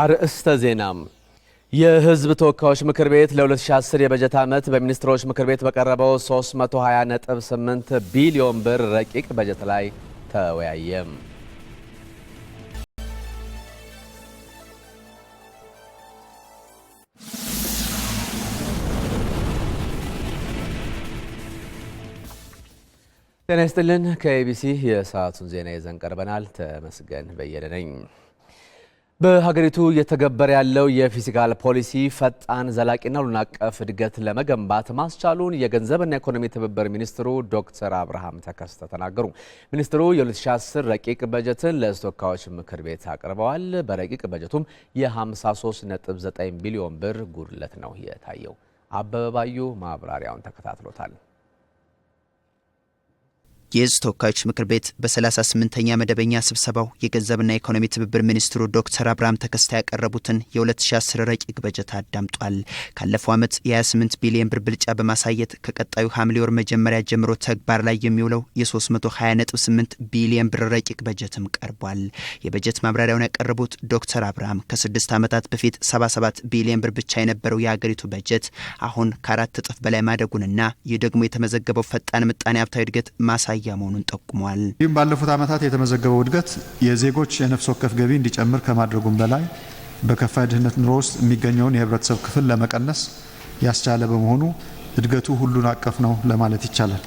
አርእስተ ዜና የሕዝብ ተወካዮች ምክር ቤት ለ2010 የበጀት ዓመት በሚኒስትሮች ምክር ቤት በቀረበው 328 ቢሊዮን ብር ረቂቅ በጀት ላይ ተወያየም። ጤና ይስጥልን። ከኤቢሲ የሰዓቱን ዜና ይዘን ቀርበናል። ተመስገን በየነ ነኝ። በሀገሪቱ እየተገበረ ያለው የፊስካል ፖሊሲ ፈጣን ዘላቂና ሁሉን አቀፍ እድገት ለመገንባት ማስቻሉን የገንዘብና ኢኮኖሚ ትብብር ሚኒስትሩ ዶክተር አብርሃም ተከስተ ተናገሩ። ሚኒስትሩ የ2010 ረቂቅ በጀትን ለሕዝብ ምክር ቤት አቅርበዋል። በረቂቅ በጀቱም የ53.9 ቢሊዮን ብር ጉድለት ነው የታየው። አበበባዩ ማብራሪያውን ተከታትሎታል። የህዝብ ተወካዮች ምክር ቤት በ38ኛ መደበኛ ስብሰባው የገንዘብና ኢኮኖሚ ትብብር ሚኒስትሩ ዶክተር አብርሃም ተከስታ ያቀረቡትን የ2010 ረቂቅ በጀት አዳምጧል። ካለፈው ዓመት የ28 ቢሊዮን ብር ብልጫ በማሳየት ከቀጣዩ ሐምሌ ወር መጀመሪያ ጀምሮ ተግባር ላይ የሚውለው የ328 ቢሊዮን ብር ረቂቅ በጀትም ቀርቧል። የበጀት ማብራሪያውን ያቀረቡት ዶክተር አብርሃም ከስድስት ዓመታት በፊት 77 ቢሊዮን ብር ብቻ የነበረው የአገሪቱ በጀት አሁን ከአራት እጥፍ በላይ ማደጉንና ይህ ደግሞ የተመዘገበው ፈጣን ምጣኔ ሀብታዊ እድገት ማሳ አኳያ መሆኑን ጠቁመዋል። ይህም ባለፉት ዓመታት የተመዘገበው እድገት የዜጎች የነፍስ ወከፍ ገቢ እንዲጨምር ከማድረጉም በላይ በከፋ ድህነት ኑሮ ውስጥ የሚገኘውን የህብረተሰብ ክፍል ለመቀነስ ያስቻለ በመሆኑ እድገቱ ሁሉን አቀፍ ነው ለማለት ይቻላል።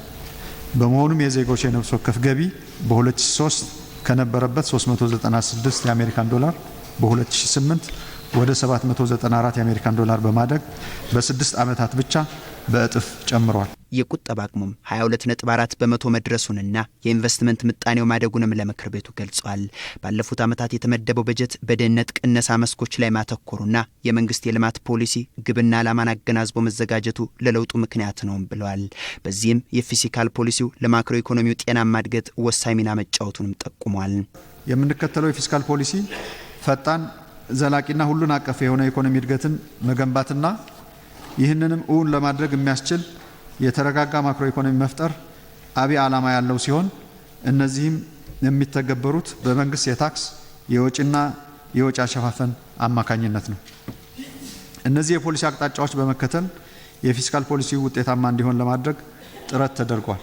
በመሆኑም የዜጎች የነፍስ ወከፍ ገቢ በ2003 ከነበረበት 396 የአሜሪካን ዶላር በ2008 ወደ 794 የአሜሪካን ዶላር በማደግ በስድስት ዓመታት ብቻ በእጥፍ ጨምሯል። የቁጠባ አቅሙም 22.4 በመቶ መድረሱንና የኢንቨስትመንት ምጣኔው ማደጉንም ለምክር ቤቱ ገልጿል። ባለፉት ዓመታት የተመደበው በጀት በድህነት ቅነሳ መስኮች ላይ ማተኮሩና የመንግስት የልማት ፖሊሲ ግብና ዓላማን አገናዝቦ መዘጋጀቱ ለለውጡ ምክንያት ነውም ብለዋል። በዚህም የፊስካል ፖሊሲው ለማክሮ ኢኮኖሚው ጤናማ እድገት ወሳኝ ሚና መጫወቱንም ጠቁሟል። የምንከተለው የፊስካል ፖሊሲ ፈጣን ዘላቂና ሁሉን አቀፍ የሆነ ኢኮኖሚ እድገትን መገንባትና ይህንንም እውን ለማድረግ የሚያስችል የተረጋጋ ማክሮ ኢኮኖሚ መፍጠር አብይ ዓላማ ያለው ሲሆን እነዚህም የሚተገበሩት በመንግስት የታክስ የወጪና የወጪ አሸፋፈን አማካኝነት ነው። እነዚህ የፖሊሲ አቅጣጫዎች በመከተል የፊስካል ፖሊሲ ውጤታማ እንዲሆን ለማድረግ ጥረት ተደርጓል።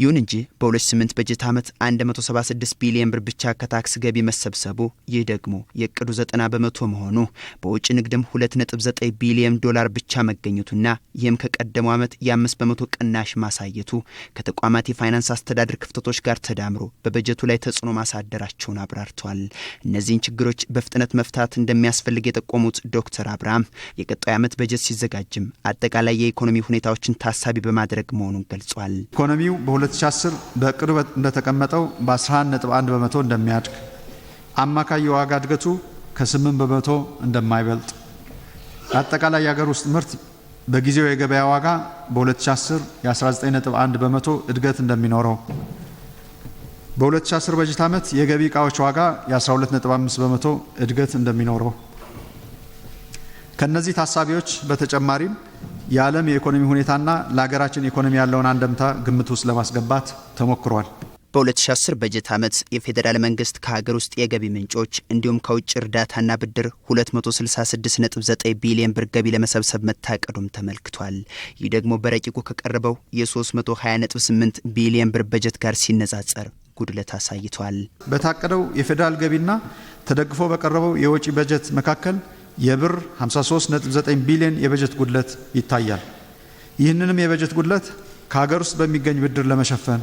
ይሁን እንጂ በ28 በጀት ዓመት 176 ቢሊዮን ብር ብቻ ከታክስ ገቢ መሰብሰቡ፣ ይህ ደግሞ የእቅዱ 90 በመቶ መሆኑ፣ በውጭ ንግድም 2.9 ቢሊዮን ዶላር ብቻ መገኘቱና ይህም ከቀደመው ዓመት የ5 በመቶ ቅናሽ ማሳየቱ ከተቋማት የፋይናንስ አስተዳደር ክፍተቶች ጋር ተዳምሮ በበጀቱ ላይ ተጽዕኖ ማሳደራቸውን አብራርተዋል። እነዚህን ችግሮች በፍጥነት መፍታት እንደሚያስፈልግ የጠቆሙት ዶክተር አብርሃም የቀጣዩ ዓመት በጀት ሲዘጋጅም አጠቃላይ የኢኮኖሚ ሁኔታዎችን ታሳቢ በማድረግ መሆኑን ገልጿል። ኢኮኖሚው 2010 በእቅዱ እንደተቀመጠው በ11.1 በመቶ እንደሚያድግ አማካይ የዋጋ እድገቱ ከ8 በመቶ እንደማይበልጥ አጠቃላይ የሀገር ውስጥ ምርት በጊዜው የገበያ ዋጋ በ2010 የ19.1 በመቶ እድገት እንደሚኖረው በ2010 በጀት ዓመት የገቢ እቃዎች ዋጋ የ12.5 በመቶ እድገት እንደሚኖረው ከነዚህ ታሳቢዎች በተጨማሪም የዓለም የኢኮኖሚ ሁኔታና ለሀገራችን ኢኮኖሚ ያለውን አንደምታ ግምት ውስጥ ለማስገባት ተሞክሯል። በ2010 በጀት ዓመት የፌዴራል መንግስት ከሀገር ውስጥ የገቢ ምንጮች እንዲሁም ከውጭ እርዳታና ብድር 266.9 ቢሊዮን ብር ገቢ ለመሰብሰብ መታቀዱም ተመልክቷል። ይህ ደግሞ በረቂቁ ከቀረበው የ 328 ቢሊዮን ብር በጀት ጋር ሲነጻጸር ጉድለት አሳይቷል። በታቀደው የፌዴራል ገቢና ተደግፎ በቀረበው የወጪ በጀት መካከል የብር 53.9 ቢሊዮን የበጀት ጉድለት ይታያል። ይህንንም የበጀት ጉድለት ከሀገር ውስጥ በሚገኝ ብድር ለመሸፈን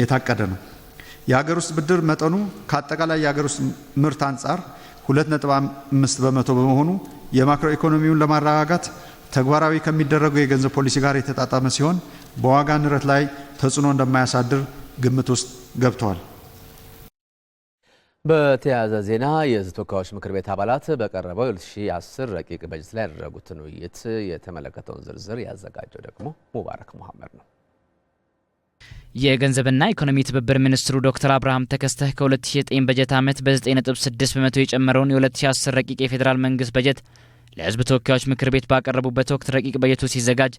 የታቀደ ነው። የሀገር ውስጥ ብድር መጠኑ ከአጠቃላይ የሀገር ውስጥ ምርት አንጻር 2.5 በመቶ በመሆኑ የማክሮ ኢኮኖሚውን ለማረጋጋት ተግባራዊ ከሚደረገው የገንዘብ ፖሊሲ ጋር የተጣጣመ ሲሆን በዋጋ ንረት ላይ ተጽዕኖ እንደማያሳድር ግምት ውስጥ ገብተዋል። በተያያዘ ዜና የሕዝብ ተወካዮች ምክር ቤት አባላት በቀረበው 2010 ረቂቅ በጀት ላይ ያደረጉትን ውይይት የተመለከተውን ዝርዝር ያዘጋጀው ደግሞ ሙባረክ መሐመድ ነው። የገንዘብና ኢኮኖሚ ትብብር ሚኒስትሩ ዶክተር አብርሃም ተከስተህ ከ2009 በጀት ዓመት በ9.6 በመቶ የጨመረውን የ2010 ረቂቅ የፌዴራል መንግስት በጀት ለሕዝብ ተወካዮች ምክር ቤት ባቀረቡበት ወቅት ረቂቅ በጀቱ ሲዘጋጅ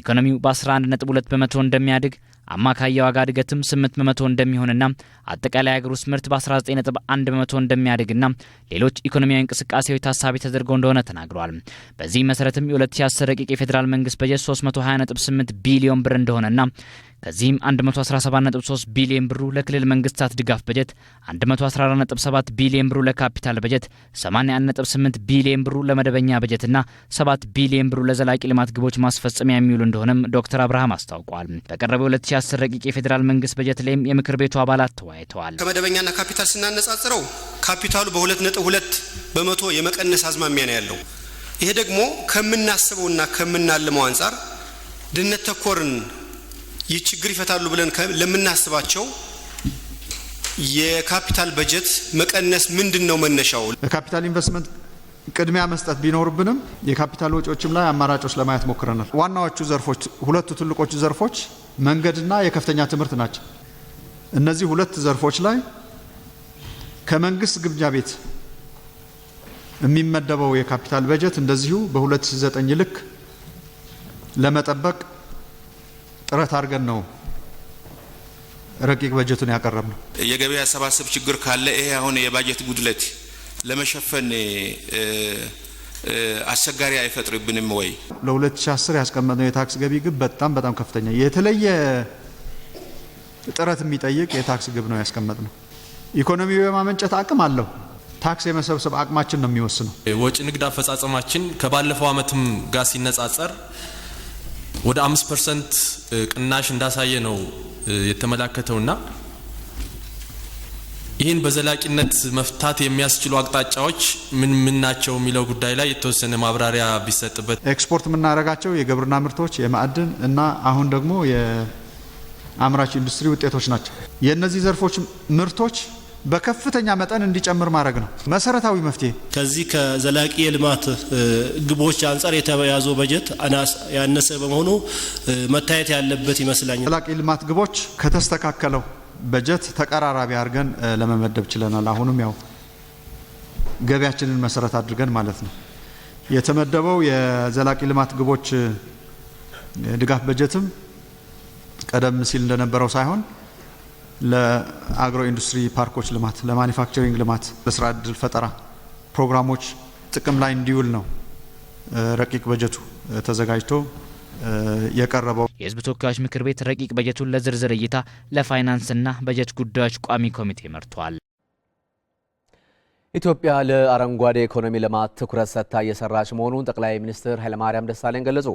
ኢኮኖሚው በ11.2 በመቶ እንደሚያድግ አማካይ የዋጋ እድገትም 8 በመቶ እንደሚሆንና አጠቃላይ ሀገር ውስጥ ምርት በ19.1 በመቶ እንደሚያድግና ሌሎች ኢኮኖሚያዊ እንቅስቃሴዎች ታሳቢ ተደርገው እንደሆነ ተናግረዋል። በዚህ መሰረትም የ2010 ረቂቅ የፌዴራል መንግስት በጀት 8 ቢሊዮን ብር እንደሆነና ከዚህም 117.3 ቢሊዮን ብሩ ለክልል መንግስታት ድጋፍ በጀት፣ 114.7 ቢሊዮን ብሩ ለካፒታል በጀት፣ 81.8 ቢሊዮን ብሩ ለመደበኛ በጀትና 7 ቢሊዮን ብሩ ለዘላቂ ልማት ግቦች ማስፈጸሚያ የሚውል እንደሆነም ዶክተር አብርሃም አስታውቋል። በቀረበው 2010 ረቂቅ የፌዴራል መንግስት በጀት ላይም የምክር ቤቱ አባላት ተወያይተዋል። ከመደበኛና ካፒታል ስናነጻጽረው ካፒታሉ በ2.2 በመቶ የመቀነስ አዝማሚያ ነው ያለው። ይሄ ደግሞ ከምናስበውና ከምናልመው አንጻር ድህነት ተኮርን ይህ ችግር ይፈታሉ ብለን ለምናስባቸው የካፒታል በጀት መቀነስ ምንድን ነው መነሻው? ካፒታል ኢንቨስትመንት ቅድሚያ መስጠት ቢኖርብንም የካፒታል ወጪዎችም ላይ አማራጮች ለማየት ሞክረናል። ዋናዎቹ ዘርፎች ሁለቱ ትልቆቹ ዘርፎች መንገድና የከፍተኛ ትምህርት ናቸው። እነዚህ ሁለት ዘርፎች ላይ ከመንግስት ግምጃ ቤት የሚመደበው የካፒታል በጀት እንደዚሁ በ2009 ልክ ለመጠበቅ ጥረት አድርገን ነው ረቂቅ በጀቱን ያቀረብ ነው። የገበያ አሰባሰብ ችግር ካለ ይሄ አሁን የባጀት ጉድለት ለመሸፈን አስቸጋሪ አይፈጥርብንም ወይ? ለ2010 ያስቀመጥነው የታክስ ገቢ ግብ በጣም በጣም ከፍተኛ የተለየ ጥረት የሚጠይቅ የታክስ ግብ ነው ያስቀመጥነው። ኢኮኖሚው የማመንጨት አቅም አለው። ታክስ የመሰብሰብ አቅማችን ነው የሚወስነው። ወጪ ንግድ አፈጻጸማችን ከባለፈው ዓመትም ጋር ሲነጻጸር ወደ አምስት ፐርሰንት ቅናሽ እንዳሳየ ነው የተመላከተውና ይህን በዘላቂነት መፍታት የሚያስችሉ አቅጣጫዎች ምን ምን ናቸው የሚለው ጉዳይ ላይ የተወሰነ ማብራሪያ ቢሰጥበት። ኤክስፖርት የምናደርጋቸው የግብርና ምርቶች፣ የማዕድን እና አሁን ደግሞ የአምራች ኢንዱስትሪ ውጤቶች ናቸው። የእነዚህ ዘርፎች ምርቶች በከፍተኛ መጠን እንዲጨምር ማድረግ ነው መሰረታዊ መፍትሄ። ከዚህ ከዘላቂ የልማት ግቦች አንጻር የተያዘው በጀት ያነሰ በመሆኑ መታየት ያለበት ይመስለኛል። ዘላቂ የልማት ግቦች ከተስተካከለው በጀት ተቀራራቢ አድርገን ለመመደብ ችለናል። አሁንም ያው ገቢያችንን መሰረት አድርገን ማለት ነው የተመደበው የዘላቂ ልማት ግቦች ድጋፍ በጀትም ቀደም ሲል እንደነበረው ሳይሆን ለአግሮ ኢንዱስትሪ ፓርኮች ልማት፣ ለማኒፋክቸሪንግ ልማት፣ ለስራ እድል ፈጠራ ፕሮግራሞች ጥቅም ላይ እንዲውል ነው ረቂቅ በጀቱ ተዘጋጅቶ የቀረበው የህዝብ ተወካዮች ምክር ቤት ረቂቅ በጀቱን ለዝርዝር እይታ ለፋይናንስና በጀት ጉዳዮች ቋሚ ኮሚቴ መርቷል። ኢትዮጵያ ለአረንጓዴ ኢኮኖሚ ልማት ትኩረት ሰጥታ እየሰራች መሆኑን ጠቅላይ ሚኒስትር ኃይለማርያም ደሳለኝ ገለጹ።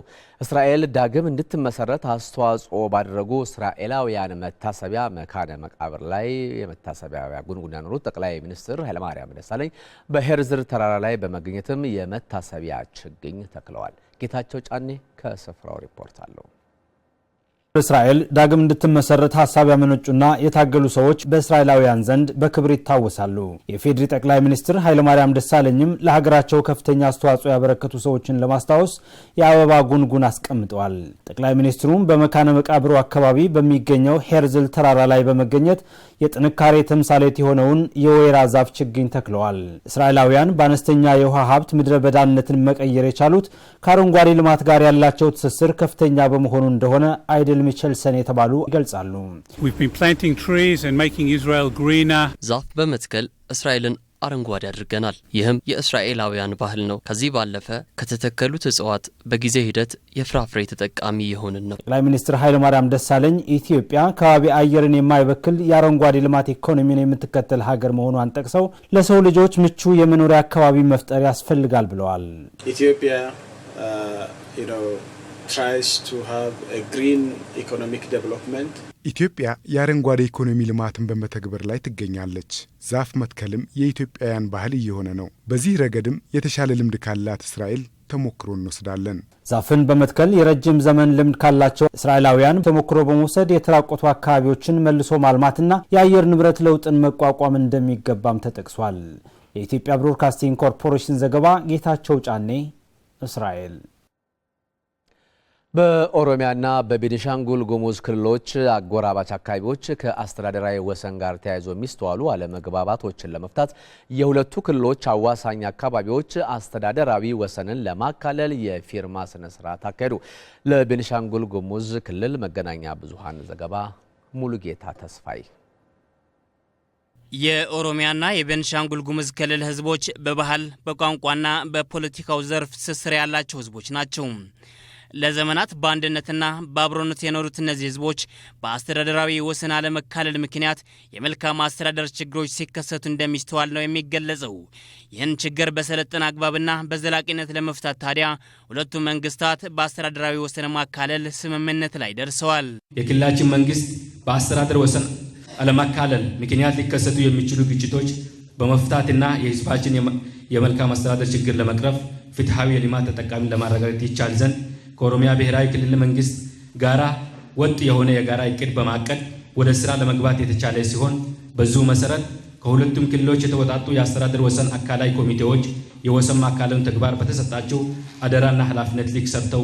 እስራኤል ዳግም እንድትመሰረት አስተዋጽኦ ባደረጉ እስራኤላውያን መታሰቢያ መካነ መቃብር ላይ የመታሰቢያ ጉንጉን ያኖሩት ጠቅላይ ሚኒስትር ኃይለማርያም ደሳለኝ በሄርዝር ተራራ ላይ በመገኘትም የመታሰቢያ ችግኝ ተክለዋል። ጌታቸው ጫኔ ከስፍራው ሪፖርት አለው። በእስራኤል ዳግም እንድትመሰረት ሀሳብ ያመነጩና የታገሉ ሰዎች በእስራኤላውያን ዘንድ በክብር ይታወሳሉ። የፌዴሪ ጠቅላይ ሚኒስትር ኃይለማርያም ደሳለኝም ለሀገራቸው ከፍተኛ አስተዋጽኦ ያበረከቱ ሰዎችን ለማስታወስ የአበባ ጉንጉን አስቀምጠዋል። ጠቅላይ ሚኒስትሩም በመካነ መቃብሩ አካባቢ በሚገኘው ሄርዝል ተራራ ላይ በመገኘት የጥንካሬ ተምሳሌት የሆነውን የወይራ ዛፍ ችግኝ ተክለዋል። እስራኤላውያን በአነስተኛ የውሃ ሀብት ምድረ በዳነትን መቀየር የቻሉት ከአረንጓዴ ልማት ጋር ያላቸው ትስስር ከፍተኛ በመሆኑ እንደሆነ አይደል ሚችልሰን የተባሉ ይገልጻሉ። ዛፍ በመትከል እስራኤልን አረንጓዴ አድርገናል። ይህም የእስራኤላውያን ባህል ነው። ከዚህ ባለፈ ከተተከሉት እጽዋት በጊዜ ሂደት የፍራፍሬ ተጠቃሚ የሆንን ነው። ጠቅላይ ሚኒስትር ኃይለማርያም ደሳለኝ ኢትዮጵያ ከባቢ አየርን የማይበክል የአረንጓዴ ልማት ኢኮኖሚን የምትከተል ሀገር መሆኗን ጠቅሰው ለሰው ልጆች ምቹ የመኖሪያ አካባቢ መፍጠር ያስፈልጋል ብለዋል። ኢትዮጵያ uh, ኢትዮጵያ የአረንጓዴ ኢኮኖሚ ልማትን በመተግበር ላይ ትገኛለች። ዛፍ መትከልም የኢትዮጵያውያን ባህል እየሆነ ነው። በዚህ ረገድም የተሻለ ልምድ ካላት እስራኤል ተሞክሮ እንወስዳለን። ዛፍን በመትከል የረጅም ዘመን ልምድ ካላቸው እስራኤላውያን ተሞክሮ በመውሰድ የተራቆቱ አካባቢዎችን መልሶ ማልማትና የአየር ንብረት ለውጥን መቋቋም እንደሚገባም ተጠቅሷል። የኢትዮጵያ ብሮድካስቲንግ ኮርፖሬሽን ዘገባ ጌታቸው ጫኔ፣ እስራኤል በኦሮሚያና በቤኒሻንጉል ጉሙዝ ክልሎች አጎራባች አካባቢዎች ከአስተዳደራዊ ወሰን ጋር ተያይዞ የሚስተዋሉ አለመግባባቶችን ለመፍታት የሁለቱ ክልሎች አዋሳኝ አካባቢዎች አስተዳደራዊ ወሰንን ለማካለል የፊርማ ስነ ስርዓት አካሄዱ። ለቤኒሻንጉል ጉሙዝ ክልል መገናኛ ብዙሃን ዘገባ ሙሉጌታ ተስፋይ የኦሮሚያና የቤንሻንጉል ጉሙዝ ክልል ህዝቦች በባህል በቋንቋና በፖለቲካው ዘርፍ ትስስር ያላቸው ህዝቦች ናቸው። ለዘመናት በአንድነትና በአብሮነት የኖሩት እነዚህ ህዝቦች በአስተዳደራዊ ወሰን አለመካለል ምክንያት የመልካም አስተዳደር ችግሮች ሲከሰቱ እንደሚስተዋል ነው የሚገለጸው። ይህን ችግር በሰለጠነ አግባብና በዘላቂነት ለመፍታት ታዲያ ሁለቱ መንግስታት በአስተዳደራዊ ወሰን ማካለል ስምምነት ላይ ደርሰዋል። የክልላችን መንግስት በአስተዳደር ወሰን አለማካለል ምክንያት ሊከሰቱ የሚችሉ ግጭቶች በመፍታትና የህዝባችን የመልካም አስተዳደር ችግር ለመቅረፍ ፍትሐዊ የልማት ተጠቃሚ ለማረጋገጥ ይቻል ዘንድ ከኦሮሚያ ብሔራዊ ክልል መንግስት ጋራ ወጥ የሆነ የጋራ እቅድ በማቀድ ወደ ስራ ለመግባት የተቻለ ሲሆን በዚሁ መሰረት ከሁለቱም ክልሎች የተወጣጡ የአስተዳደር ወሰን አካላይ ኮሚቴዎች የወሰን ማካለሉን ተግባር በተሰጣቸው አደራና ኃላፊነት ልክ ሰርተው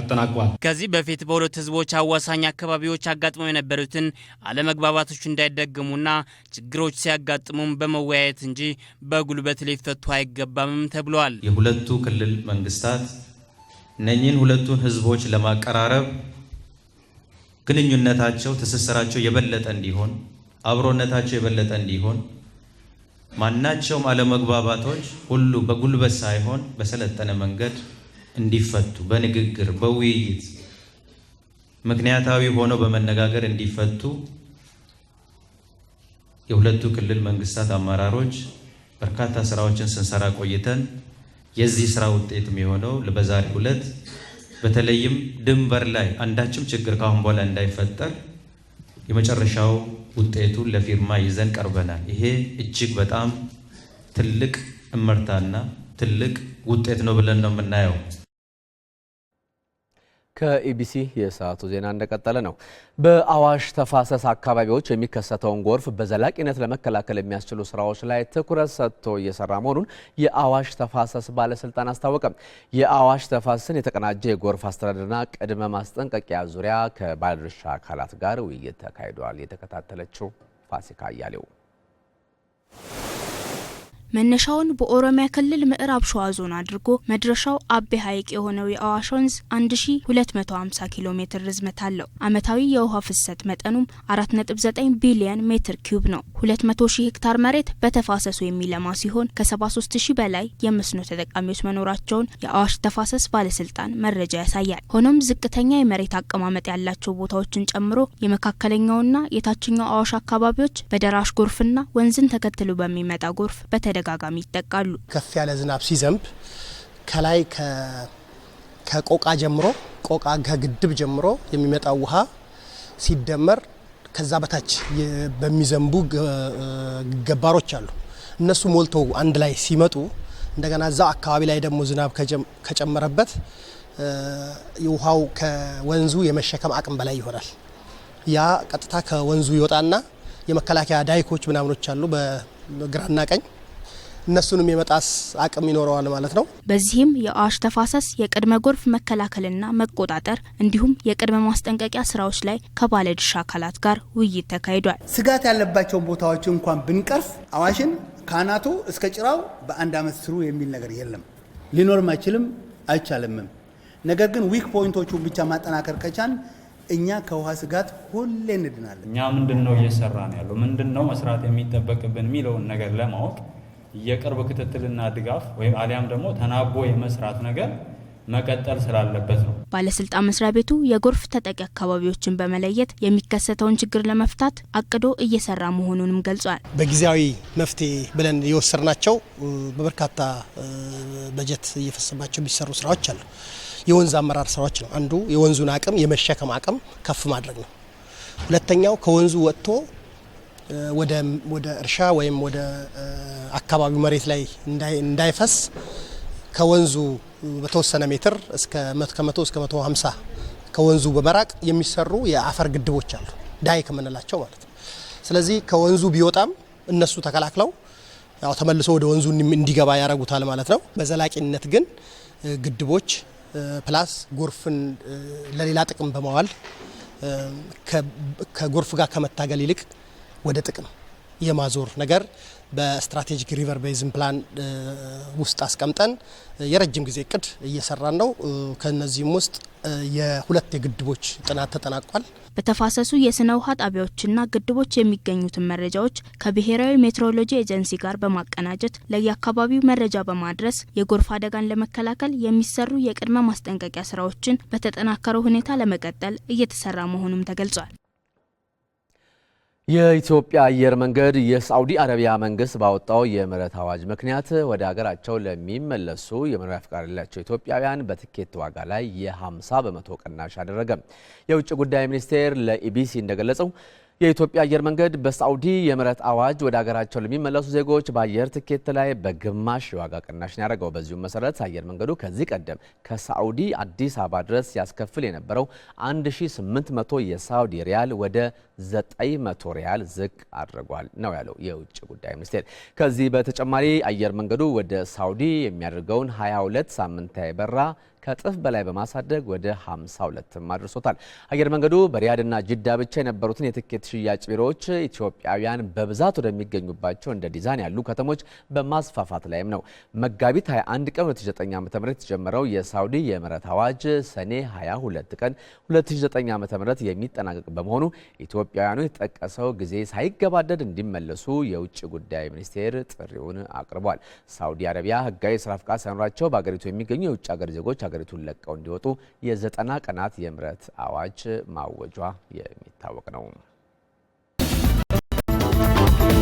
አጠናቋል። ከዚህ በፊት በሁለት ህዝቦች አዋሳኝ አካባቢዎች አጋጥመው የነበሩትን አለመግባባቶች እንዳይደገሙና ችግሮች ሲያጋጥሙም በመወያየት እንጂ በጉልበት ሊፈቱ አይገባምም ተብሏል። የሁለቱ ክልል መንግስታት እነኚህን ሁለቱን ህዝቦች ለማቀራረብ ግንኙነታቸው፣ ትስስራቸው የበለጠ እንዲሆን፣ አብሮነታቸው የበለጠ እንዲሆን ማናቸውም አለመግባባቶች ሁሉ በጉልበት ሳይሆን በሰለጠነ መንገድ እንዲፈቱ በንግግር በውይይት ምክንያታዊ ሆነው በመነጋገር እንዲፈቱ የሁለቱ ክልል መንግስታት አመራሮች በርካታ ስራዎችን ስንሰራ ቆይተን የዚህ ስራ ውጤት የሚሆነው በዛሬው ዕለት በተለይም ድንበር ላይ አንዳችም ችግር ካሁን በኋላ እንዳይፈጠር የመጨረሻው ውጤቱን ለፊርማ ይዘን ቀርበናል። ይሄ እጅግ በጣም ትልቅ እመርታና ትልቅ ውጤት ነው ብለን ነው የምናየው። ከኢቢሲ የሰዓቱ ዜና እንደቀጠለ ነው። በአዋሽ ተፋሰስ አካባቢዎች የሚከሰተውን ጎርፍ በዘላቂነት ለመከላከል የሚያስችሉ ስራዎች ላይ ትኩረት ሰጥቶ እየሰራ መሆኑን የአዋሽ ተፋሰስ ባለስልጣን አስታወቀም። የአዋሽ ተፋሰስን የተቀናጀ የጎርፍ አስተዳደርና ቅድመ ማስጠንቀቂያ ዙሪያ ከባለድርሻ አካላት ጋር ውይይት ተካሂዷል። የተከታተለችው ፋሲካ እያሌው። መነሻውን በኦሮሚያ ክልል ምዕራብ ሸዋ ዞን አድርጎ መድረሻው አቤ ሐይቅ የሆነው የአዋሽ ወንዝ 1250 ኪሎ ሜትር ርዝመት አለው። ዓመታዊ የውሃ ፍሰት መጠኑም 4.9 ቢሊየን ሜትር ኪዩብ ነው። 200 ሺህ ሄክታር መሬት በተፋሰሱ የሚለማ ሲሆን ከ73 ሺህ በላይ የመስኖ ተጠቃሚዎች መኖራቸውን የአዋሽ ተፋሰስ ባለስልጣን መረጃ ያሳያል። ሆኖም ዝቅተኛ የመሬት አቀማመጥ ያላቸው ቦታዎችን ጨምሮ የመካከለኛውና የታችኛው አዋሽ አካባቢዎች በደራሽ ጎርፍና ወንዝን ተከትሎ በሚመጣ ጎርፍ በተደ በተደጋጋሚ ይጠቃሉ። ከፍ ያለ ዝናብ ሲዘንብ ከላይ ከቆቃ ጀምሮ ቆቃ ከግድብ ጀምሮ የሚመጣው ውሃ ሲደመር ከዛ በታች በሚዘንቡ ገባሮች አሉ። እነሱ ሞልተው አንድ ላይ ሲመጡ እንደገና እዛ አካባቢ ላይ ደግሞ ዝናብ ከጨመረበት ውሃው ከወንዙ የመሸከም አቅም በላይ ይሆናል። ያ ቀጥታ ከወንዙ ይወጣና የመከላከያ ዳይኮች ምናምኖች አሉ በግራና ቀኝ እነሱንም የመጣስ አቅም ይኖረዋል ማለት ነው። በዚህም የአዋሽ ተፋሰስ የቅድመ ጎርፍ መከላከልና መቆጣጠር እንዲሁም የቅድመ ማስጠንቀቂያ ስራዎች ላይ ከባለድርሻ አካላት ጋር ውይይት ተካሂዷል። ስጋት ያለባቸውን ቦታዎች እንኳን ብንቀርፍ አዋሽን ከአናቱ እስከ ጭራው በአንድ አመት ስሩ የሚል ነገር የለም፣ ሊኖርም አይችልም፣ አይቻልምም። ነገር ግን ዊክ ፖይንቶቹን ብቻ ማጠናከር ከቻን እኛ ከውሃ ስጋት ሁሌ እንድናለን። እኛ ምንድን ነው እየሰራ ነው ያለው፣ ምንድን ነው መስራት የሚጠበቅብን የሚለውን ነገር ለማወቅ የቅርብ ክትትልና ድጋፍ ወይም አሊያም ደግሞ ተናቦ የመስራት ነገር መቀጠል ስላለበት ነው። ባለስልጣን መስሪያ ቤቱ የጎርፍ ተጠቂ አካባቢዎችን በመለየት የሚከሰተውን ችግር ለመፍታት አቅዶ እየሰራ መሆኑንም ገልጿል። በጊዜያዊ መፍትሄ ብለን የወሰድናቸው በበርካታ በጀት እየፈሰባቸው የሚሰሩ ስራዎች አሉ። የወንዝ አመራር ስራዎች ነው። አንዱ የወንዙን አቅም የመሸከም አቅም ከፍ ማድረግ ነው። ሁለተኛው ከወንዙ ወጥቶ ወደ እርሻ ወይም ወደ አካባቢው መሬት ላይ እንዳይፈስ ከወንዙ በተወሰነ ሜትር እስከ ከመቶ እስከ መቶ ሀምሳ ከወንዙ በመራቅ የሚሰሩ የአፈር ግድቦች አሉ፣ ዳይ የምንላቸው ማለት ነው። ስለዚህ ከወንዙ ቢወጣም እነሱ ተከላክለው ያው ተመልሶ ወደ ወንዙ እንዲገባ ያደርጉታል ማለት ነው። በዘላቂነት ግን ግድቦች ፕላስ ጎርፍን ለሌላ ጥቅም በመዋል ከጎርፍ ጋር ከመታገል ይልቅ ወደ ጥቅም የማዞር ነገር በስትራቴጂክ ሪቨር ቤዝን ፕላን ውስጥ አስቀምጠን የረጅም ጊዜ እቅድ እየሰራን ነው። ከነዚህም ውስጥ የሁለት የግድቦች ጥናት ተጠናቋል። በተፋሰሱ የስነ ውሃ ጣቢያዎችና ግድቦች የሚገኙትን መረጃዎች ከብሔራዊ ሜትሮሎጂ ኤጀንሲ ጋር በማቀናጀት ለየአካባቢው መረጃ በማድረስ የጎርፍ አደጋን ለመከላከል የሚሰሩ የቅድመ ማስጠንቀቂያ ስራዎችን በተጠናከረ ሁኔታ ለመቀጠል እየተሰራ መሆኑም ተገልጿል። የኢትዮጵያ አየር መንገድ የሳዑዲ አረቢያ መንግስት ባወጣው የምህረት አዋጅ ምክንያት ወደ ሀገራቸው ለሚመለሱ የመኖሪያ ፍቃድ ያላቸው ኢትዮጵያውያን በትኬት ዋጋ ላይ የ50 በመቶ ቅናሽ አደረገ። የውጭ ጉዳይ ሚኒስቴር ለኢቢሲ እንደገለጸው የኢትዮጵያ አየር መንገድ በሳዑዲ የምህረት አዋጅ ወደ ሀገራቸው ለሚመለሱ ዜጎች በአየር ትኬት ላይ በግማሽ የዋጋ ቅናሽ ያደረገው። በዚሁም መሰረት አየር መንገዱ ከዚህ ቀደም ከሳዑዲ አዲስ አበባ ድረስ ሲያስከፍል የነበረው 1800 የሳዑዲ ሪያል ወደ 900 ሪያል ዝቅ አድርጓል ነው ያለው የውጭ ጉዳይ ሚኒስቴር። ከዚህ በተጨማሪ አየር መንገዱ ወደ ሳዑዲ የሚያደርገውን 22 ሳምንታዊ በራ ከእጥፍ በላይ በማሳደግ ወደ 52ም አድርሶታል። አየር መንገዱ በሪያድና ጅዳ ብቻ የነበሩትን የትኬት ሽያጭ ቢሮዎች ኢትዮጵያውያን በብዛት ወደሚገኙባቸው እንደ ዲዛን ያሉ ከተሞች በማስፋፋት ላይም ነው። መጋቢት 21 ቀን 2009 ዓ ም የተጀመረው የሳውዲ የምህረት አዋጅ ሰኔ 22 ቀን 2009 ዓ ም የሚጠናቀቅ በመሆኑ ኢትዮጵያውያኑ የተጠቀሰው ጊዜ ሳይገባደድ እንዲመለሱ የውጭ ጉዳይ ሚኒስቴር ጥሪውን አቅርቧል። ሳውዲ አረቢያ ህጋዊ የስራ ፍቃድ ሳይኖራቸው በአገሪቱ የሚገኙ የውጭ ሀገር ዜጎች ሀገሪቱን ለቀው እንዲወጡ የዘጠና ቀናት የምህረት አዋጅ ማወጇ የሚታወቅ ነው።